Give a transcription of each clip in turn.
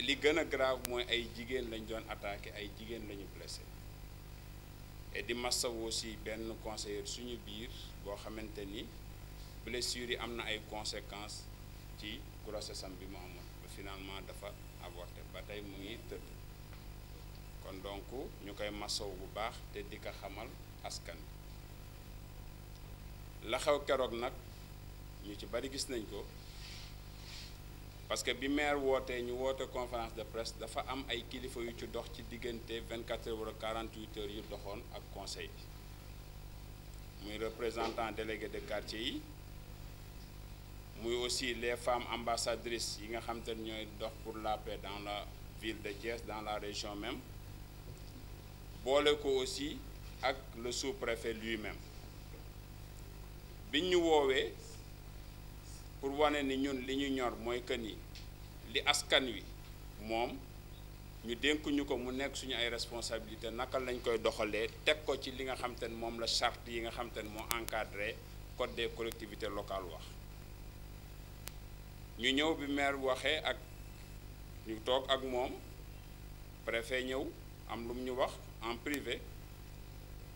li gën a grave mooy ay jigéen lañ doon attaqué ay jigéen lañu blessé et di masawu aussi benn conseiller suñu biir boo xamante ni blessures yi am na ay conséquences ci grossesse bi mu amoon finalement dafa avorté ba tey mu ngi tëdd kon donc ñu koy masawu bu baax te di ko xamal askan la xew keroog nag ñu ci bari gis nañ ko. parce que bi maire wootee ñu woote conférence de presse dafa am ay kilifa yu ci dox ci diggante 24 heures wala 48 heures yu doxoon ak conseil bi muy représentant délégué de quartier yi muy aussi les femmes ambassadrices yi nga xam te ne ñooy dox pour la paix dans la ville de Thiès dans la région même boole ko aussi ak le sous-préfet lui-même biñ ñu woowee. pour wane ni ñun li ñu ñor mooy que ni li askan wi moom ñu dénkuñu ko mu nekk suñu ay responsabilité naka lañ koy doxalee teg ko ci li nga xam te ne moom la charte yi nga xam te ne moo encadré code des collectivité locales wax ñu ñëw bi maire waxee ak ñu toog ak moom préfet ñëw am lu mu ñu wax en privé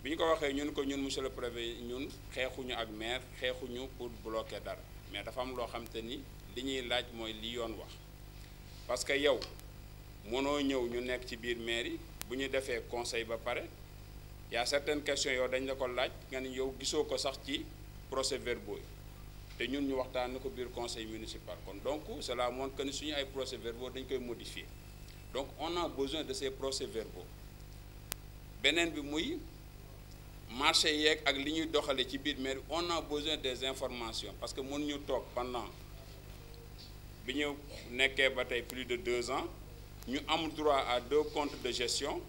bi ñu ko waxee ñun ko ñun monsieur le préfet ñun xeexuñu ak maire xeexuñu pour bloquer dara mais dafa am loo xam te ni li ñuy laaj mooy li yoon wax parce que yow mënoo ñëw ñu nekk ci biir mairie bu ñu defee conseil ba pare y a certaines questions yow dañ la ko laaj nga ni yow gisoo ko sax ci procès verbaux yi te ñun ñu waxtaan na ko biir conseil municipal kon donc cela montre que ni suñu ay procès verbaux dañ koy modifier donc on a besoin de ces procès verbaux beneen bi muy marché yeeg ak li ñuy doxale ci biir mairie on a besoin des informations parce que mën ñu toog pendant bi ñu nekkee ba tey plus de deux ans ñu am droit à deux comptes de gestion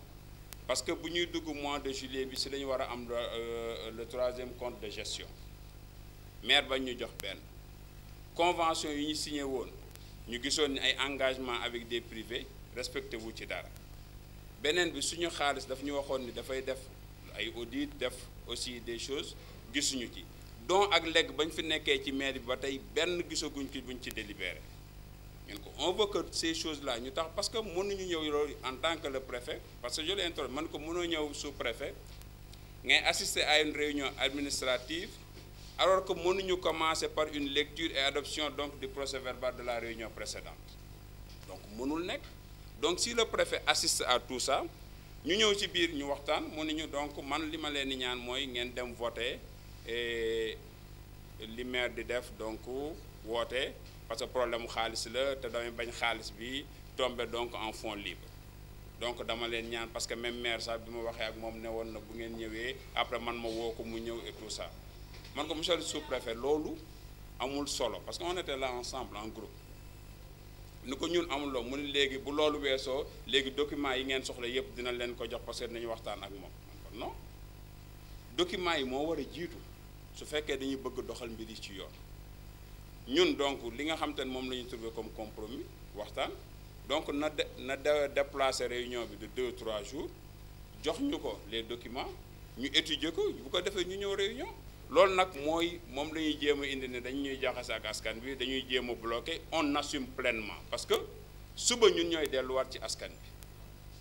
parce que bu ñuy dugg mois de juillet bi si la ñu war a am le euh, troisième compte de gestion maire ba ñu jox benn convention yi ñu signe woon ñu gisoon ni ay engagement avec des privés respecté wu ci dara beneen bi suñu xaalis daf ñu waxoon ni dafay def ay audit def aussi des choses gisuñu ci don ak legg bañ fi nekkee ci mairie bi ba tey benn gisaguñ ci buñ ci délibéré ñun ko on veut que ces choses là ñu tax parce que mënuñu ñëw loolu en tant que le préfet parce que je l'ai introduit man ko mënoo ñëw sous préfet ngay assister à une réunion administrative alors que mënuñu commencé par une lecture et adoption donc du procès verbal de la réunion précédente donc mënul nekk donc si le préfet assiste à tout ça ñu ñëw ci biir ñu waxtaan mu ne ñu donc man li ma leen di ñaan mooy ngeen dem voter et li maire di def donc woote parce que problème mu xaalis la te damay bañ xaalis bi tombe donc en fond libre donc dama leen ñaan parce que même maire sax bi ma waxee ak moom ne woon na bu ngeen ñëwee après man ma woo ko mu ñëw et tout ça man ko monsieur le su préfet loolu amul solo parce que on était là ensemble en groupe ni ko ñun amuloo mu ne léegi bu loolu weesoo léegi document yi ngeen soxla yépp dina leen ko jox parce que dinañu waxtaan ak moom kon non document yi moo war a jiitu su fekkee dañuy bëgg doxal mbir yi ci yoon ñun donc li nga xam te ne moom la ñu trouvé comme compromis waxtaan donc na de na de déplacer réunion bi de deux trois jours jox ñu ko les documents ñu étudier ko bu ko defee ñu ñëw réunion loolu nag mooy moom la ñuy jéem a indi ne dañu ñuy jaxase ak askan bi dañuy jéem a bloqué on assume pleinement parce que suba ñun ñooy delluwaat ci askan bi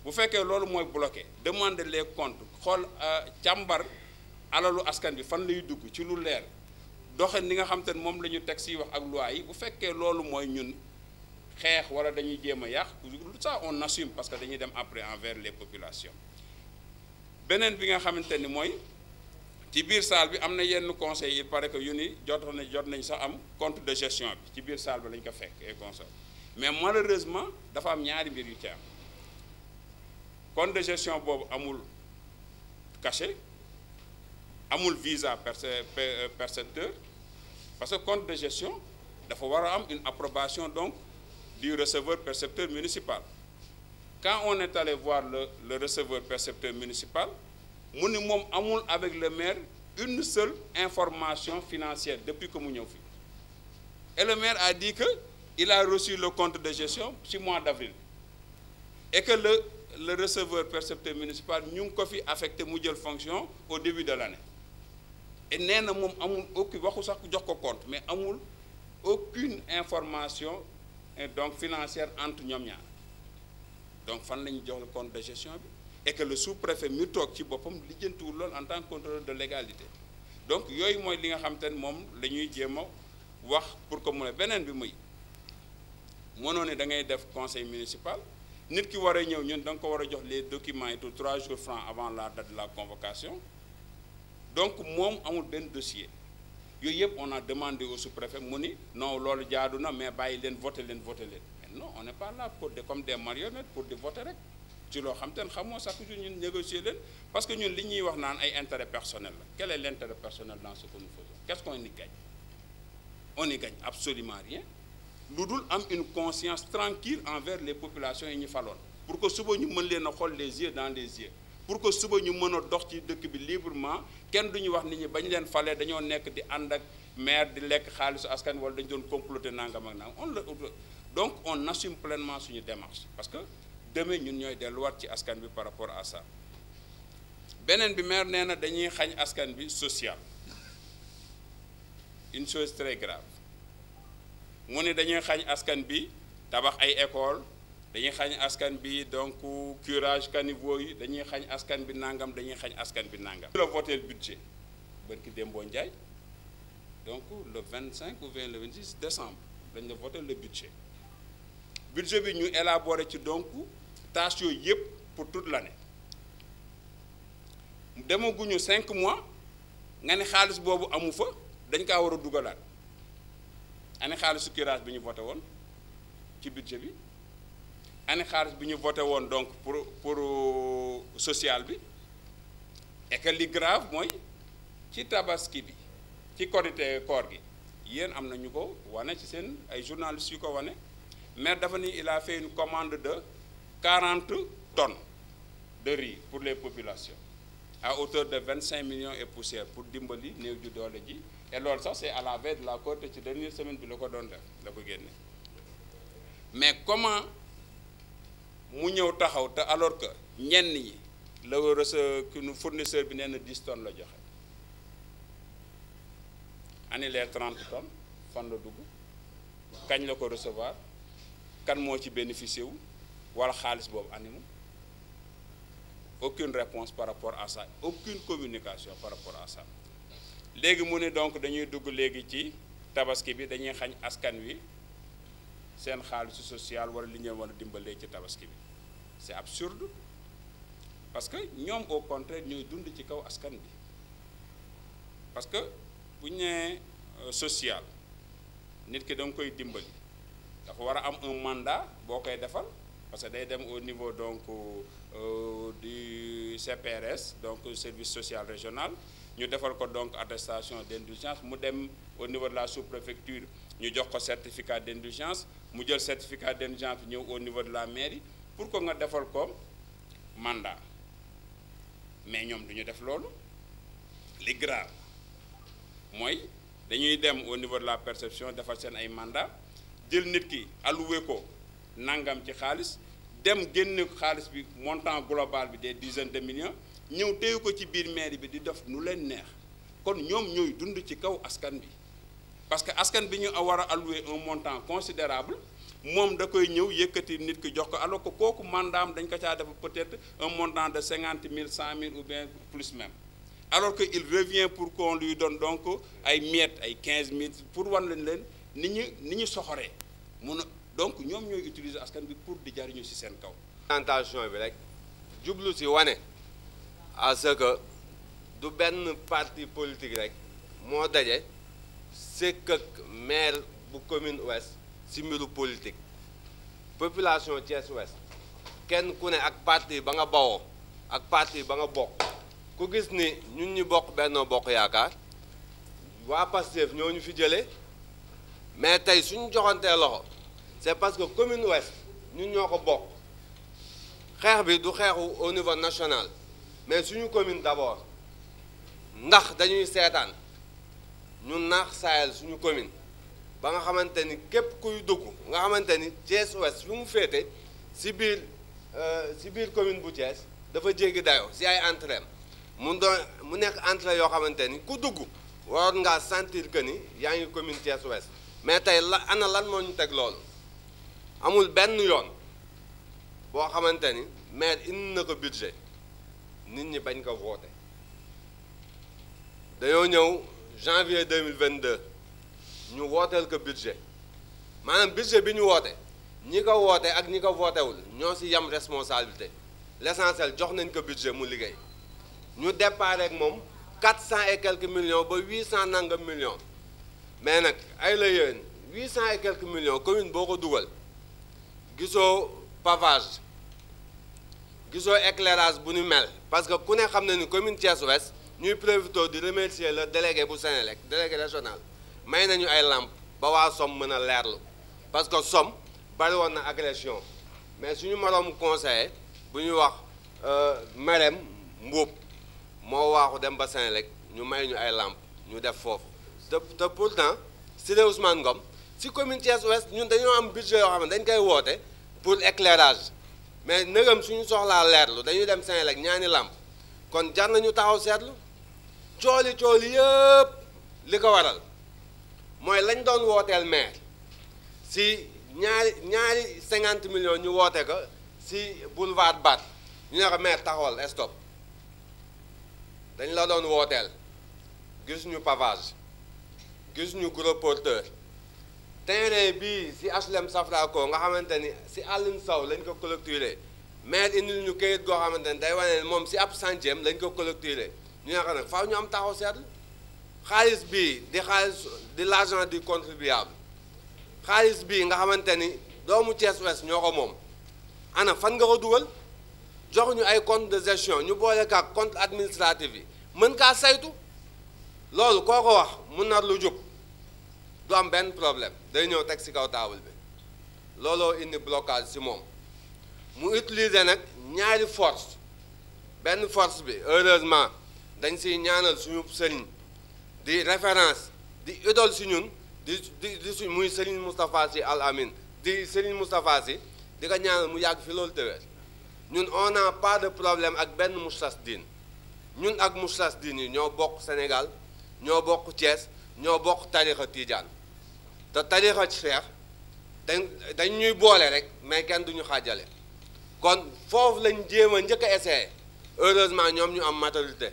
bu fekkee loolu mooy bloqué demander les comptes xool euh, càmbar alalu askan bi fan luy dugg ci lu leer doxe ni nga xam te ne moom la ñu teg si wax ak loi yi bu fekkee loolu mooy ñun xeex wala dañuy jéem a yàq sax on assume parce que dañuy dem après envers les populations beneen bi nga xamante ni mooy ci biir salle bi am na yenn conseil il paraît que yu ni jotoon na jot nañ sax am compte de gestion bi ci biir salle bi lañ ko fekk et conseil mais malheureusement dafa am ñaari mbir yu ci am compte de gestion boobu amul cachet amul visa perce euh, percepteur parce que compte de gestion dafa war a am une approbation donc du receveur percepteur municipal quand on est allé voir le le receveur percepteur municipal mu ni moom amul avec le maire une seule information financière depuis que mu ñëw fii et le maire a dit que il a reçu le compte de gestion ci mois d'avril et que le le receveur percepteur municipal ñu ngi ko fi affecté mu jël fonction au début de l'année e nee na moom amul aucune waxu sax jox ko compte mais amul aucune information et donc financière entre ñoom ñaar donc fan la ñu jox le compte de gestion bi et que le sous-préfet mi toog ci boppam lijjantiwul loolu en tant que contrôleur de légalité donc yooyu mooy li nga xam te ne moom la ñuy jéem wax pour que mu ne beneen bi muy mënoo ne da ngay def conseil municipal nit ki war a ñëw ñun da ko war a jox les documents et tout trois jours francs avant la date la convocation donc moom amul benn dossier yooyu yëpp on a demandé au sous-préfet mu ni non loolu jaadu na mais bàyyi leen voté leen voté leen mais n on n'est pas là pour de comme des marionnettes ci loo xam te ne xamoo chaque jour ñun négocier leen parce que ñun li ñuy wax naan ay intérêt personnel la quel est l' intérêt personnel dans ce que nous faisons qu'est-ce qu'on y absolument rien lu dul am une conscience tranquille envers les populations yi ñu faloon pour que suba ñu mën leen xol les yeux dans les yeux pour que suba ñu mën a dox ci dëkk bi librement kenn du ñu wax nit ñi bañ leen fale dañoo nekk di ànd ak maire di lekk xaalis askan wala dañu doon comploter nangam ak naa on le donc on assume pleinement suñu démarche parce demain ñun ñooy delluwaat ci askan bi par rapport à beneen bi maire nee na dañuy xañ askan bi social une chose très grave mu ne dañuy xañ askan bi tabax ay école dañuy xañ askan bi donc curage caniveau yi dañuy xañ askan bi nangam dañuy xañ askan bi nangam. le voté budget bërki démboo Ndiaye donc le 25 ou bien le vingt 26 décembre dañ la voté le budget budget bi ñu élaboré ci donc. tâches yooyu yëpp pour toute l'année demaguñu cinq mois nga ne xaalis boobu amu fa dañ kaa war a dugalaat ane xaalisu curage bi ñu voté woon ci budget bi ane xaalis bi ñu voté woon donc pour pour euh, social bi et li grave mooy ci tabaski bi ci korité koor gi yéen am na ñu ko wane ci seen ay journalistes yu ko wane mais dafa ni il a fait commande de quarante tonnes de riz pour les populations à hauteur de vingt cinq millions et poussière pour dimbali néew ju doole ji et loolu sax c'est à la veille de la Korité ci dernière semaine bi la ko doon def la ko génne mais comment mu ñëw taxaw te alors que ñenn yi la rece nu fournisseur bi nee na 10 tonnes la joxe ani trente 30 fan la dugg kañ la ko recevoir kan moo ci bénéficier wu wala xaalis boobu animu aucune réponse par rapport à ça aucune communication par rapport à léegi mu ne donc dañuy dugg léegi ci tabaski bi dañuy xañ askan wi seen xaalisu social wala li ñu war a dimbalee ci tabaski bi c'est absurde parce que ñoom au contraire ñuy dund ci kaw askan bi parce que bu ñu nee euh, social nit ki da nga koy dimbali dafa war a am un mandat boo koy defal parce que day dem au niveau donc euh, du CPRS donc service social régional ñu defal ko donc attestation d'indulgence mu dem au niveau de la sous-préfecture ñu jox ko certificat d'indulgence mu jël certificat d'indulgence ñëw au niveau de la mairie pour que nga defal ko mandat mais ñoom du ñu def loolu li grave mooy dañuy dem au niveau de la perception defal seen ay mandat jël nit ki alloué ko. nangam ci xaalis dem génne xaalis bi montant global bi des dizaines de millions ñëw téyu ko ci biir maire bi di def nu leen neex kon ñoom ñooy dund ci kaw askan bi parce que askan bi ñu war a allouer un montant considérable moom da koy ñëw yëkkati nit ki jox ko alors que kooku mandaam dañ ko caa def peut-être un montant de cinquante mille cent mille ou bien plus même alors que il revient pour qu'on lui don donc ay miettes ay quinze mille pour wan leen leen ni ñu ni ñu soxoree donc ñoom ñooy utiliser askan bi pour di jariñu ci seen kaw. présentation bi rek jublu ci wane à ce que du benn parti politique rek moo daje sëkk ak maire bu commune ouest ci mbiru politique population Thiès ouest kenn ku ne ak parti ba nga bawoo ak parti ba nga bokk ku gis ni ñun ñu bokk Benno Bokk Yaakaar waa Pastef ñoo ñu fi jëlee mais tey suñu joxantee loxo. c'est parce que commune ouest ñun ñoo ko bokk xeex bi du xeexu au niveau national mais suñu commune d'abord ndax dañuy seetaan ñu naax saayal suñu commune ba nga xamante ni képp kuy dugg nga xamante ni Thiès ouest fi mu féete si biir euh, si biir commune bu Thiès dafa jéggi dayoo si ay entrain mu doon mu nekk entrain yoo xamante ni ku dugg waroon ngaa sentir que ni yaa ngi commune su ouest mais tey la ana lan moo ñu teg loolu amul benn yoon boo xamante ni maire indi na ko budget nit ñi bañ ko voté dañoo ñëw janvier deux ñu wooteel ko budget maanaam budget bi ñu woote ñi ko woote ak ñi ko vootewul ñoo ci yam responsabilité l'essentiel jox nañ ko budget mu liggéey ñu départ ak moom quatre cent et quelques millions ba huit cent nangam million mais nag ay la yéen huit cent et quelques million commune boo ko dugal gisoo pavage gisoo éclairage bu nu mel parce que ku ne xam na ni commune Thiès Ouest ñuy profité di remercier le délégué bu lekk délégué régional may nañu ay làmp ba waa Somme mën a leerlu parce que Somme bari woon na agression mais suñu moroomu conseiller bu ñuy wax euh, merem mbuub moo waaxu dem ba Sénélec ñu may ñu ay làmp ñu def foofu te te pourtant Siré Ousmane Ngom si commune Thiès Ouest ñun dañoo am budget yoo xam ne dañ koy woote pour éclairage mais nëgam suñu soxlaa leerlu dañuy dem Saint-Louis ak ñaani làmp kon jar nañu taxaw seetlu cooli cooli yëpp li ko waral mooy lañ doon wooteel maire si ñaari ñaari cinquante millions ñu woote ko si boulevard Bat ñu ne ko maire taxawal stop dañ la doon wooteel gis ñu pavage gis ñu gros porteur téere bii si HLM Safraco nga xamante ni si Alioune Sow lañ ko mais indi lu ñu kayit goo xamante ni day wane moom si ab santième lañ ko collecturé ñu ne ko nag faaw ñu am taxaw seetlu xaalis bii di xaalis di l'argent du contribuable xaalis bii nga xamante ni doomu Thiès Ouest ñoo ko moom ana fan nga ko dugal jox ñu ay compte de gestion ñu boole ak compte administratif yi mën kaa saytu loolu koo ko wax mu nar lu jub du benn problème day ñëw teg ci kaw taabal bi looloo indi blocage ci moom mu utiliser nag ñaari force benn force bi heureusement dañ si ñaanal suñu sëriñ di référence di idole si ñun di di di muy sëriñ Moustapha Sy Al Amine di sëriñ Moustapha Sy di ko ñaanal mu yàgg fi loolu tëwee ñun on n'a pas de problème ak benn Moustarchidine ñun ak Moustarchidine yi ñoo bokk Sénégal ñoo bokk Thiès ñoo bokk tarixa Tidiane te tarixa cheikh dañ dañ ñuy boole rek mais kenn duñu xaajale kon foofu lañ jéem a njëkk a essayé heureusement ñoom ñu am maturité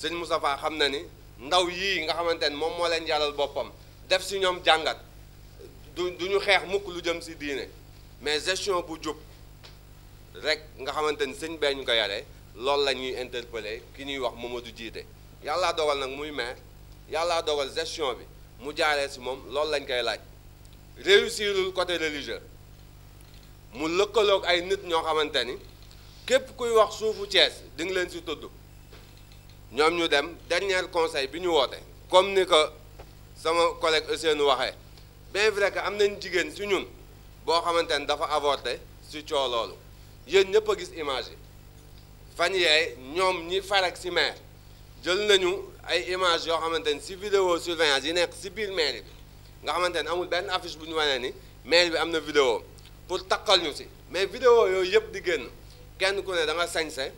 sëñ Moustapha xam na ni ndaw yii nga xamante ne moom moo leen jaral boppam def si ñoom jàngat du duñu xeex mukk lu jëm si diine mais gestion bu jub rek nga xamante ni sëñ bee ñu ko yaree loolu la ñuy interpellé ki ñuy wax du Jiite yàllaa dogal nag muy maire yàllaa dogal gestion bi mu jaaree si moom loolu lañ koy laaj réussirul côté religieux mu lëkkaloog ay nit ñoo xamante ni képp kuy wax suufu Thiès di nga leen si tudd ñoom ñu dem dernier conseil bi ñu woote comme ni ko sama collègue Ousseynou waxee bien vrai que am nañ jigéen si ñun boo xamante ni dafa avorté si coo loolu yéen ñëpp a gis image yi fan yaay ñoom ñi farag si maire jël nañu ay image yoo xamante ni si vidéo surveillance yi nekk si biir mairie bi nga xamante ni amul benn affiche bu ñu wanee ni mairie bi am na vidéo pour takkal ñu si mais vidéo yooyu yëpp di génn kenn ku ne da sañse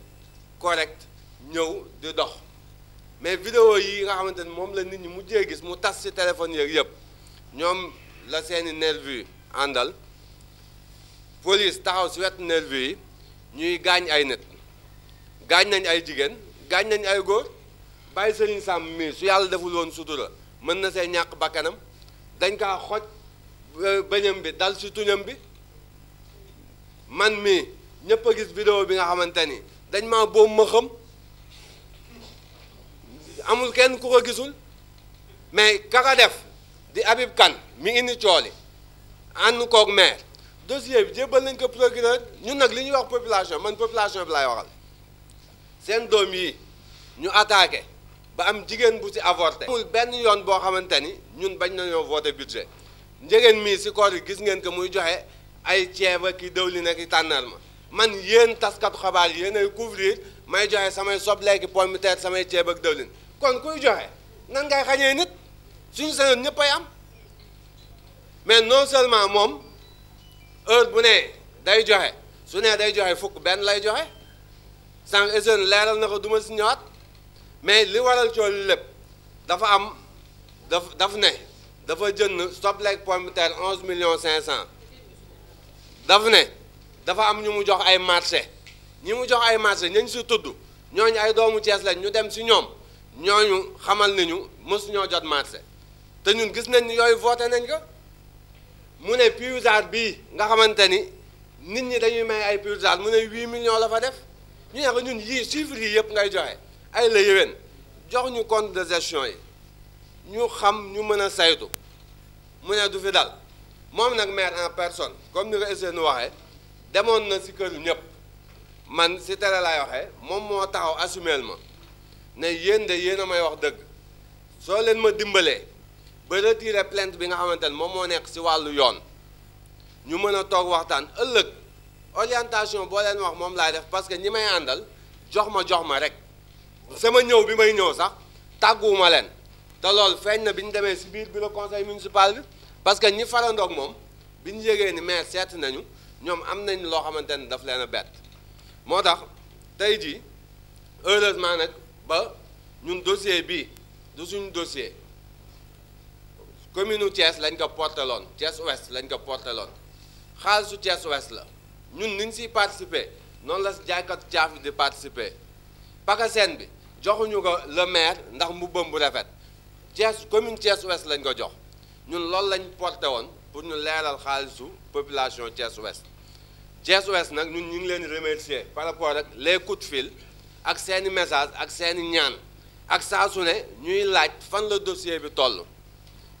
correct ñëw di dox mais vidéo yi nga xamante ni moom la nit ñi mujjee gis mu tas si téléphone yeeg yëpp ñoom la seeni nervi àndal police taxaw si wetu nervi yi ñuy gaañ ay nit gaañ nañ ay jigéen gaañ nañ ay góor bàyyi Serigne sàmm mii su yàlla deful woon sutura mën na see ñàkk bàkkanam dañ kaa xoj bëñam bi dal si tuñam bi man mii ñëpp a gis vidéo bi nga xamante ni dañ maa boobu ma xam amul kenn ku ko gisul mais kaka def di Habib Kane mi indi cooli ànd kook maire dossier bi jébbal nañ ko procureur ñu nag li ñuy wax population man population bi lay waxal seen doom yi ñu attake ba am jigéen bu ci avorté amul benn yoon boo xamante ni ñun bañ nañoo voté budget njëgeen mii ci koor yi gis ngeen ko muy joxe ay ceeb ak i dëwlin ak i tànnar ma man yéen taskatu xabaar yéen ay couvrir may joxe samay sobleeki pomme de terre samay ceeb ak dëwlin kon kuy joxe nan ngay xañee nit suñu sañoon ñëpp ay am mais non seulement moom heure bu ne day joxe su nee day joxe fukk benn lay joxe sànq émission leeral na ko duma si ñëwaat mais li waral coow li lépp dafa am daf daf ne dafa jënd sobleeg pomme de terre onze millions cinq cent daf ne dafa am ñu mu jox ay marché ñi mu jox ay marché ñañ si tudd ñooñu ay doomu Cees lañ ñu dem si ñoom ñooñu xamal nañu mësu jot marché te ñun gis nañ ni yooyu voté nañ ko mu ne puisard bii nga xamante ni nit ñi dañuy may ay puisard mu ne huit millions la fa def ñu ne ko ñun yii chiffres yii yëpp ngay joxe ay la yéwén jox ñu compte de gestion yi ñu xam ñu mën a saytu mu ne du fi dal moom nag maire en personne comme ni ko Ousseynou waxee demoon na si kër ñëpp man si tere lay waxee moom moo taxaw assumé ma ne yéen de yéen may wax dëgg soo leen ma dimbalee ba retiré plainte bi nga xamante ne moom moo nekk si wàllu yoon ñu mën a toog waxtaan ëllëg orientation boo leen wax moom laay def parce que ñi may àndal jox ma jox ma rek. sama ñëw bi may ñëw sax tàgguwuma leen te loolu feeñ na bi ñu demee si biir bureau conseil municipal bi parce que ñi farandoog moom bi ñu yégee ni maire seet nañu ñoom am nañ loo xamante ni daf leen a bett moo tax tey jii heureusement nag ba ñun dossier bi du suñu dossier commune Thiès lañ ko porteloon Thiès Ouest lañ ko porteloon xaalisu Thiès Ouest la ñun niñ siy participer noonu la si jaaykat caaf di participer Pakasen bi joxuñu ko le maire ndax mbubbam bu rafet Thiès commune Thiès Ouest lañ ko jox ñun loolu lañ porté woon pour ñu leeral xaalisu population Thiès Ouest Thiès Ouest nag ñun ñu ngi leen remercier par rapport ak les coups de ak seeni message ak seeni ñaan ak saa su ne ñuy laaj fan la dossier bi toll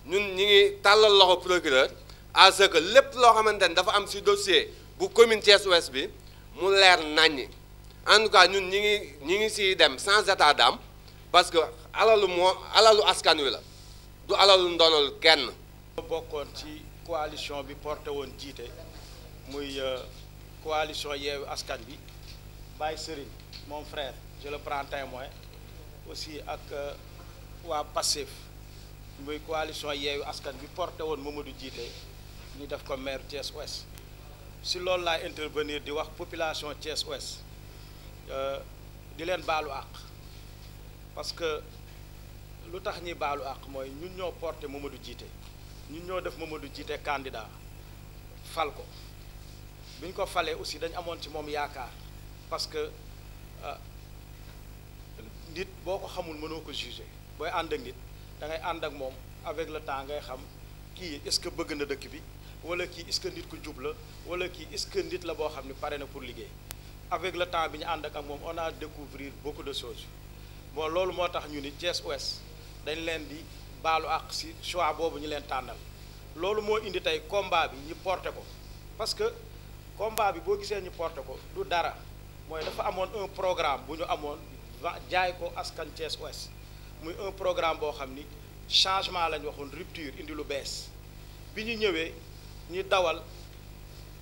ñun ñi ngi tàllal loxo procureur à ce que lépp loo xamante ni dafa am si dossier bu commune Thiès Ouest bi mu leer naññi en ñun ñi ngi ñi ngi si dem sans état parce que alalu moo alalu askan wi la du alalu ndonal kenn bokkoon ci coalition bi porté woon jiite muy euh, coalition yeewu askan bi Baye Serigne moom frère je le prends aussi ak euh, waa Pastef muy coalition yeewu askan bi porté woon Mamadou jiite ñu def ko maire Thiès Ouest si loolu laay intervenir di wax population Thiès Ouest Euh, di leen baalu àq parce que lu tax ñuy baalu àq mooy ñun ñoo porté Mamadou jiite ñun ñoo def Mamadou Djité candidat fal ko bi ñu ko falee aussi dañ amoon ci moom yaakaar parce que euh, nit boo ko xamul mënoo ko juger booy ànd ak nit da ngay ànd ak moom avec le temps ngay xam kii est-ce que bëgg na dëkk bi wala kii est-ce ku jub la wala kii est-ce que nit la boo xam ne pare na pour liggéey avec le temps bi ñu ànd ak moom on a découvrir beaucoup de choses bon loolu moo tax ñu ni Thiès Ouest dañ leen di baalu ak si choix boobu ñu leen tànnal loolu moo indi tey combat bi ñu porté ko parce que combat bi boo gisee ñu porté ko du dara mooy dafa amoon un programme bu ñu amoon jaay ko askan Thiès Ouest muy un programme boo xam ni changement lañ waxoon rupture indi lu bees bi ñu ñëwee ñu dawal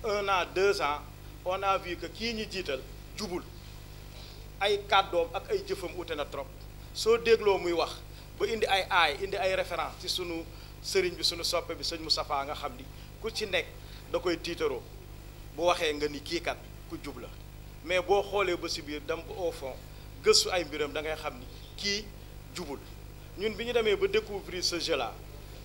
un an deux ans on a vu que kii ñu jiital jubul ay kàddoom ak ay jëfam ute na trop soo dégloo muy wax ba indi ay aay indi ay référence ci sunu sëriñ bi sunu soppe bi sëñ Moustapha nga xam ni ku ci nekk da koy tiitaroo bu waxee nga ni kii kat ku jub la mais boo xoolee ba si biir dem ba au fond gëstu ay mbiram da ngay xam ni kii jubul ñun bi ñu demee ba découvrir ce sa gela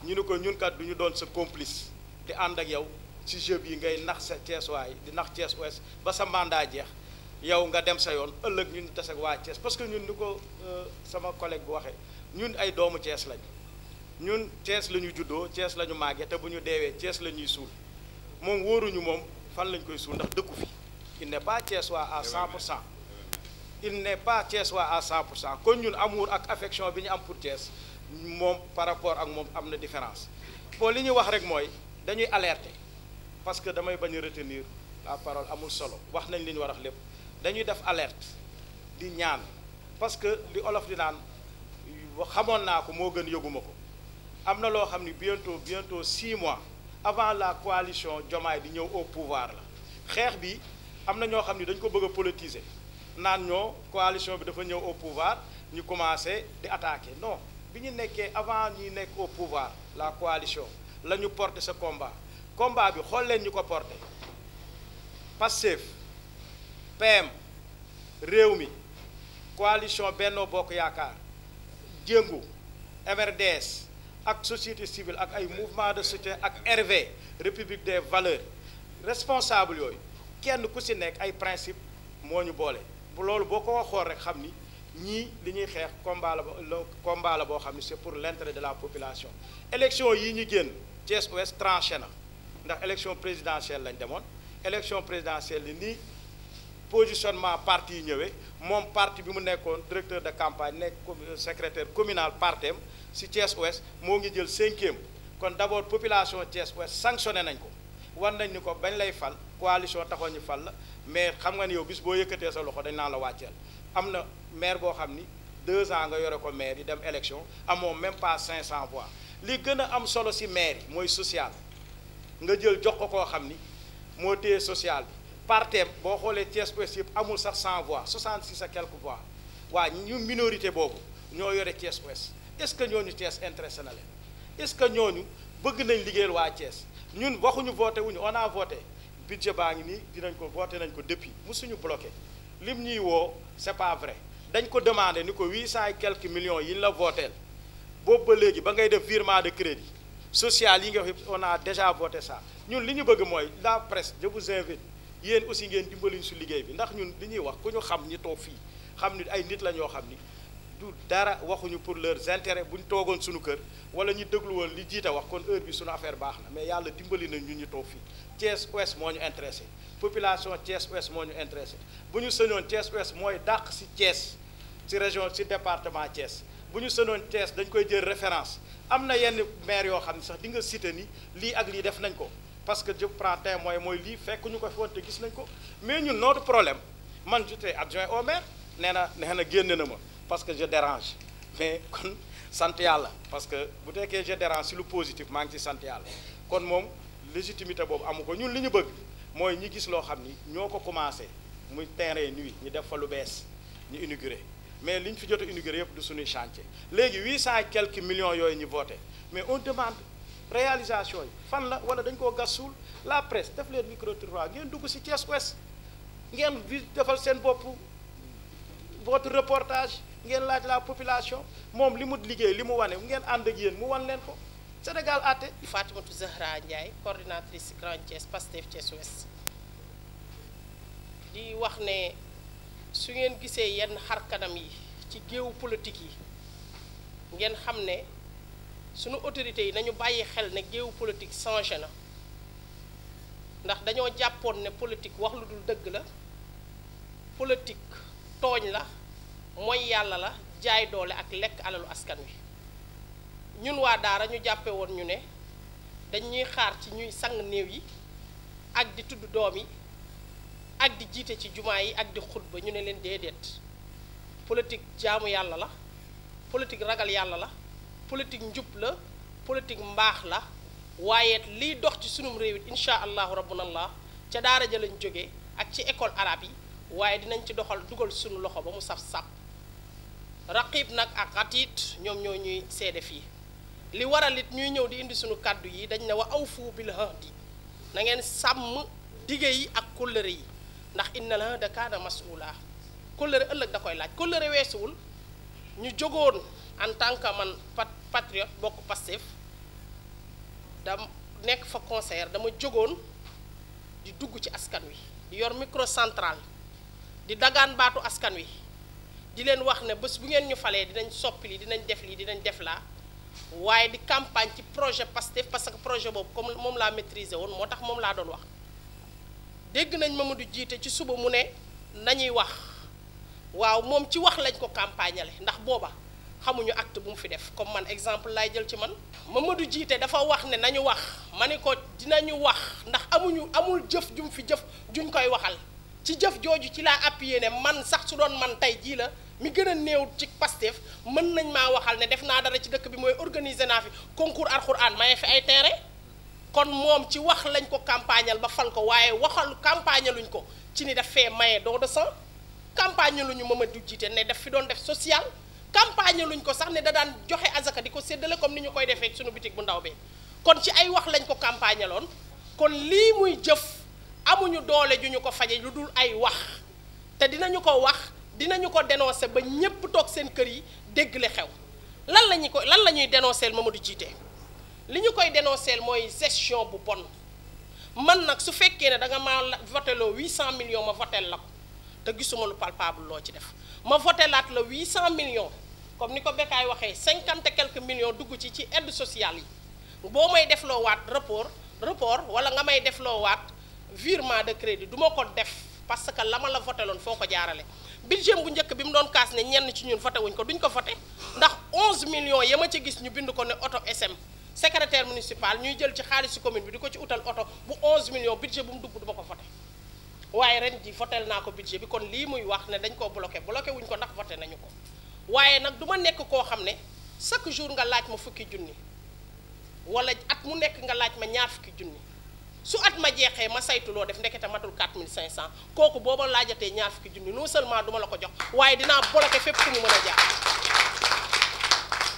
ñu ne ko ñun kat du ñu doon sa complice di ànd ak yow ci jeu yi ngay nax sa Thiès waay di nax Thiès Ouest ba sa mandat jeex yow nga dem sa yoon ëllëg ñu tase ak waa Thiès parce que ñun ni ko euh, sama collègue bu waxee ñun ay doomu Thiès lañu ñun Thiès la ñu juddoo Thiès la ñu màggee te bu ñu deewee Thiès la ñuy suul moom wóoruñu moom fan lañ koy suul ndax dëkku fi il n'est pas Thiessois à 100 pour cent il ne pas waa à 100 pour cent kon ñun amour ak affection bi ñu am pour Thiès moom par rapport ak moom am na différence bon li ñuy wax rek mooy dañuy alerter. parce que damay bañ a retenir la parole amul solo wax nañ li warax lépp dañuy def alerte di ñaan parce que li olof di naan xamoon naa ko moo gën yëguma ko am na loo xam ni bientôt bientôt six mois avant la coalition Diomaye di ñëw au pouvoir la xeex bi am na ñoo xam ni dañ ko bëgg a politiser naan ñoo coalition bi dafa ñëw au pouvoir ñu commencé di attaquer no bi ñu nekkee avant ñuy nekk au la coalition la ñu porter ce combat combat bi xool leen ñu ko porté Pastef PM réew mi coalition Benno Bokk Yaakaar Jëngu MRDS ak société civile ak ay mouvement de soutien ak RV République des valeurs responsable yooyu kenn ku si nekk ay principe moo ñu boole bu loolu boo ko xool rek xam ni ñii li ñuy xeex combat la boo xam ni c'est pour l'intérêt de la population élection yi ñu génn Thiès Ouest tranché na ndax élection présidentielle lañ demoon élection présidentielle li nii positionnement parti yi ñëwee moom parti bi mu nekkoon directeur de campagne nekk euh, secrétaire communal partem si Thiès Ouest moo ngi jël cinquième kon d'abord population Thiès Ouest sanctionné nañ ko war nañ ni ko bañ lay fal coalition taxoon ñu fal la mais xam nga ni yow bis boo yëkkatee sa loxo dañ naan la wàcceel am na maire boo xam ni deux ans nga yore ko maire yi dem élection amoo même pas 500 voix li gën a am solo si maire mooy social nga jël jox ko koo xam ni moo téye social bi partem boo xoolee Thiès Ouest yëpp amul sax 100 voix 66 à quelques voix waa ñu minorité boobu ñoo yore Thiès Ouest est-ce que ñooñu Thiès intéressé na leen est-ce que ñooñu bëgg nañ liggéeyal waa Thiès ñun waxuñu voté wuñu on a voté budget baa ngi nii dinañ ko voté nañ ko depuis musuñu bloqué lim ñuy woo c'est pas vrai dañ ko demandé ni ko 800 et quelques millions yi ñu la voteel boobu ba léegi ba ngay def virement de crédit. social yi nga wax on a déjà voté ça ñun li ñu bëgg mooy la presse je vous invite yéen aussi ngeen dimbaliñ su liggéey bi ndax ñun li ñuy wax ku ñu xam ñi toog fii xam ni ay nit la ñoo xam ni du dara waxuñu pour leurs intérêts bu ñu toogoon suñu kër wala ñu dégluwoon li jiite wax kon heure bi suñu affaire baax na mais yàlla dimbali na ñun ñu toog fii Thiès Ouest moo ñu intéressé population Thiès Ouest moo ñu intéressé bu ñu sëñoon Thiès Ouest mooy dàq si Thiès si région si département Thiès bu ñu sënoon Thiès dañ koy jël référence am na yenn maire yoo xam ne sax di nga cité ni lii ak lii def nañ ko parce que je prends témoin mooy lii fekk ñu ko fi woon te gis nañ ko mais ñun notre problème man j'étais adjoint au maire nee na nee na génne na ma parce que je dérange mais kon sant yàlla parce que bu tekkee je dérange si lu positif maa ngi ci sant yàlla kon moom légitimité boobu amu ko ñun li ñu bëgg mooy ñi gis loo xam ni ñoo ko commencé muy terrain nuit ñu def fa lu bees ñu inauguré mais li ñu fi jot a inauguré yëpp du suñuy chantier léegi huit cent et quelques millions yooyu ñu voté mais on demande réalisation yi fan la wala dañ koo gas suul la presse def leen micro ngeen dugg si Thiès Ouest ngeen vi defal seen bopp votre reportage ngeen laaj la population moom li mu liggéey li mu wane ngeen ànd ak yéen mu wan leen ko Sénégal àtte. Fatimatou Zahra Ndiaye coordinatrice Grand Thiès Pastef Thiès Ouest di wax ne. su ngeen gisee yenn xar kanam yi ci géewu politique yi ngeen xam ne sunu autorités yi nañu bàyyi xel ne géewu politique changé na ndax dañoo jàppoon ne politique wax lu dul dëgg la politique tooñ la mooy yàlla la jaay doole ak lekk alalu askan wi ñun waa daara ñu jàppe woon ñu ne dañuy xaar ci ñuy sang néew yi ak di tudd doom yi ak di jiite ci jumaa yi ak di xutba ñu ne leen déedéet politique jaamu yàlla la politique ragal yàlla la politique njub la politique mbaax la waaye liy dox ci sunum réew it incha allahu rabbunallah ca daara ja lañ jóge ak ci école araab yi waaye dinañ ci doxal dugal sunu loxo ba mu saf-saf raqib nag ak atit ñoom ñoo ñuy seede fii li waral it ñuy ñëw di indi sunu kàddu yi dañ ne wa awfu bil ahdi na ngeen sàmm dige yi ak kóllëre yi ndax inna la de kaana masula kóllëre ëllëg da koy laaj kóllëre weesuwul ñu jógoon en tant que man pat patriote bokk Pastef da nekk fa conseillère dama jógoon di dugg ci askan wi di yor microcentral di dagaan baatu askan wi di leen wax ne bés bu ngeen ñu falee dinañ soppi lii dinañ def lii dinañ def laa waaye di campagne ci projet Pastef parce que projet boobu comme moom laa maîtriser woon moo tax moom laa doon wax dégg nañ ma du jiite ci suba mu ne nañuy wax waaw moom ci wax lañ ko campagnale ndax booba xamuñu acte bu mu fi def comme man exemple laay jël ci man ma Mamadou jiite dafa wax ne nañu wax ma ne ko dinañu wax ndax amuñu amul jëf jum fi jëf juñ koy waxal ci jëf jooju ci laa appuyé ne man sax su doon man tey jii la mu gën a néew ci Pastef mën nañ maa waxal ne def naa dara ci dëkk bi mooy organiser naa fi concours alxuraan maye fi ay terrain kon moom ci wax lañ ko campagnal ba fal ko waaye waxal campagne luñ ko ci ni daf fee maye doo de sang campagne luñu du jiite ne daf fi doon def social campagne luñ ko sax ni da daan joxe azaka di ko séddale comme ni ñu koy defee suñu bitik bu ndaw bi kon ci ay wax lañ ko campagne loon kon lii muy jëf amuñu doole ju ñu ko faje lu dul ay wax te dinañu ko wax dinañu ko dénoncé ba ñépp toog seen kër yi dégg li xew lan la ñu ko lan la ñuy dénoncé Mamadou Djité li ñu koy dénoncer mooy gestion bu bon man nag su fekkee ne da nga maa voteloo 800 millions ma votel la ko te gisuma lu palpable loo ci def ma votelaat la cent million comme ni ko Bekaay waxee 50 et quelques dugg ci ci aide social yi boo may def loo waat report report wala nga may def loo waat virement de crédit du ma ko def parce que la ma la voteloon foo ko jaarale budget bu njëkk bi mu doon kaas ne ñenn ci ñun voté wuñ ko duñ ko voté ndax 11 millions ya ma ci gis ñu bind ko ne auto SM secrétaire municipal ñuy jël ci xaalisu commune bi di ko ci utal oto bu 11 millions budget bu mu dugg du ma ko voté waaye ren ji votel naa ko budget bi kon lii muy wax ne dañ ko bloqué bloqué wuñ ko ndax voté nañu ko waaye nag du ma nekk koo xam ne chaque jour nga laaj ma fukki junni wala at mu nekk nga laaj ma ñaar fukki junni su at ma jeexee ma saytu loo def ndekete matul 4500 kooku booba laajatee ñaar fukki junni non seulement du ma la ko jox waaye dinaa bloqué fépp fu mu mën a jaar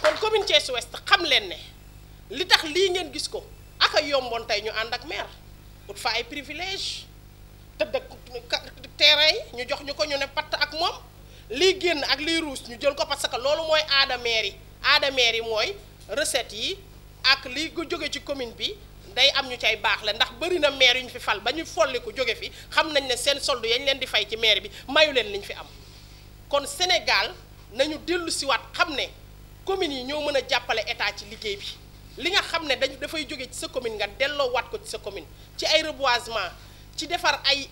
kon commune Thiès Ouest xam leen ne li tax lii ngeen gis ko aka yomboon tey ñu ànd ak maire ut fa ay privilège tëdd ak terrain yi ñu jox ñu ko ñu ne patt ak moom liy génn ak liy ruus ñu jël ko parce que loolu mooy aada maire yi aada yi mooy recette yi ak li ko jóge ci commune bi day am ñu cay baax la ndax bëri na maire yu ñu fi fal ba ñu folli ko jóge fi xam nañ ne seen soldu yañ leen di fay ci maire bi mayu leen liñ fi am kon Sénégal nañu dellu siwaat xam ne communes yi ñoo mën a jàppale état ci liggéey bi li nga xam ne dañ dafay jóge ci sa commune nga delloo waat ko ci sa commune ci ay reboisement ci defar ay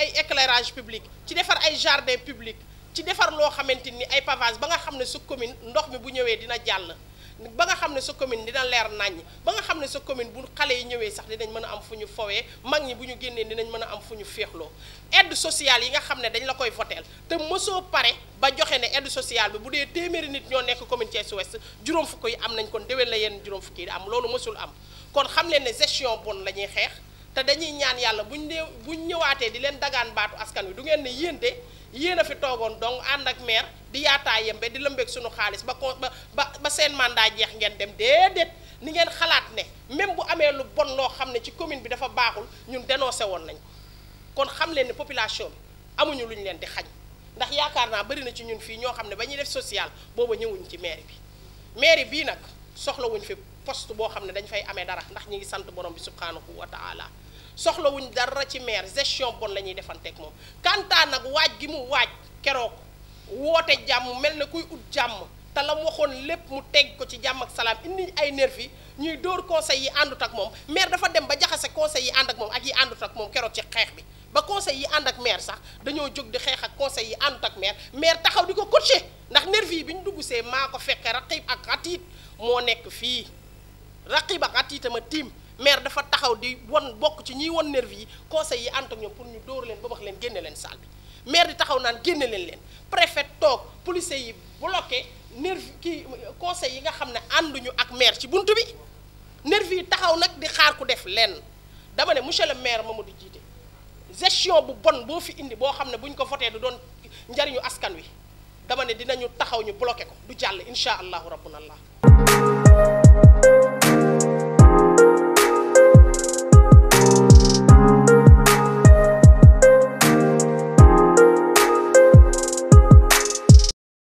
ay éclairage public ci defar ay jardin public ci defar loo xamante ni ay pavage ba nga xam ne sa commune ndox mi bu ñëwee dina jàll ba nga xam ne sa commune dina leer naññ ba nga xam ne sa commune bu xale yi ñëwee sax dinañ mën a am fu ñu fowee mag ñi bu ñu génnee dinañ mën a am fu ñu féexloo aide sociale yi nga xam ne dañ la koy voteel te mësoo pare ba joxe ne aide sociale bi bu dee téeméeri nit ñoo nekk commune Thiès Ouest juróom fukk yi am nañ kon déwén la yenn juróom fukki am loolu mësul am kon xam leen ne gestion bonne la ñuy xeex te dañuy ñaan yàlla buñ dee buñ ñëwaatee di leen dagaan baatu askan wi du ngeen ne yéen yéen a fi toogoon donc ànd ak maire di yaataa yembe di lëmbeeg suñu xaalis ba ko ba ba seen mandat jeex ngeen dem déedéet ni ngeen xalaat ne même bu amee lu bon loo xam ne ci commune bi dafa baaxul ñun dénoncé woon nañ kon xam leen ne population bi amuñu lu ñu leen di xañ ndax yaakaar naa bari na ci ñun fii ñoo xam ne ba ñuy def social booba ñëwuñ ci mairie bi mairie bii nag soxlawuñ fi poste boo xam ne dañ fay amee dara ndax ñi ngi sant borom bi subhanahu wa taala soxlawuñ dara ci maire gestion bon la ñuy defanteeg moom kantaa nag waaj gi mu waaj keroog woote jàmm mel na kuy ut jàmm te la mu waxoon lépp mu teg ko ci jàmm ak salaam indi ay nerf ñuy dóor conseil yi àndut ak moom maire dafa dem ba jaxase conseil yi ànd ak moom ak yi àndut ak moom keroog ci xeex bi ba conseil yi ànd ak maire sax dañoo jóg di xeex ak conseil yi àndut ak maire maire taxaw di ko coacher ndax nerf yi bi ñu dugg see maa ko fekke raqib ak xatiit moo nekk fii raqib ak xatiit ma tiim maire dafa taxaw di won bokk ci ñiy won nervi yi conseil yi ànd ak pour ñu dóor leen ba wax leen génne leen salle bi maire di taxaw naan génne leen leen préfet toog policier yi bloqué nervi kii conseil yi nga xam ne ànduñu ak maire ci bunt bi nervi yi taxaw nag di xaar ku def lenn dama ne monsieur le maire di Djité gestion bu bon boo fi indi boo xam ne buñ ko votee du doon njariñu askan wi dama ne dinañu taxaw ñu bloqué ko du jàll incha allahu rabbuna allah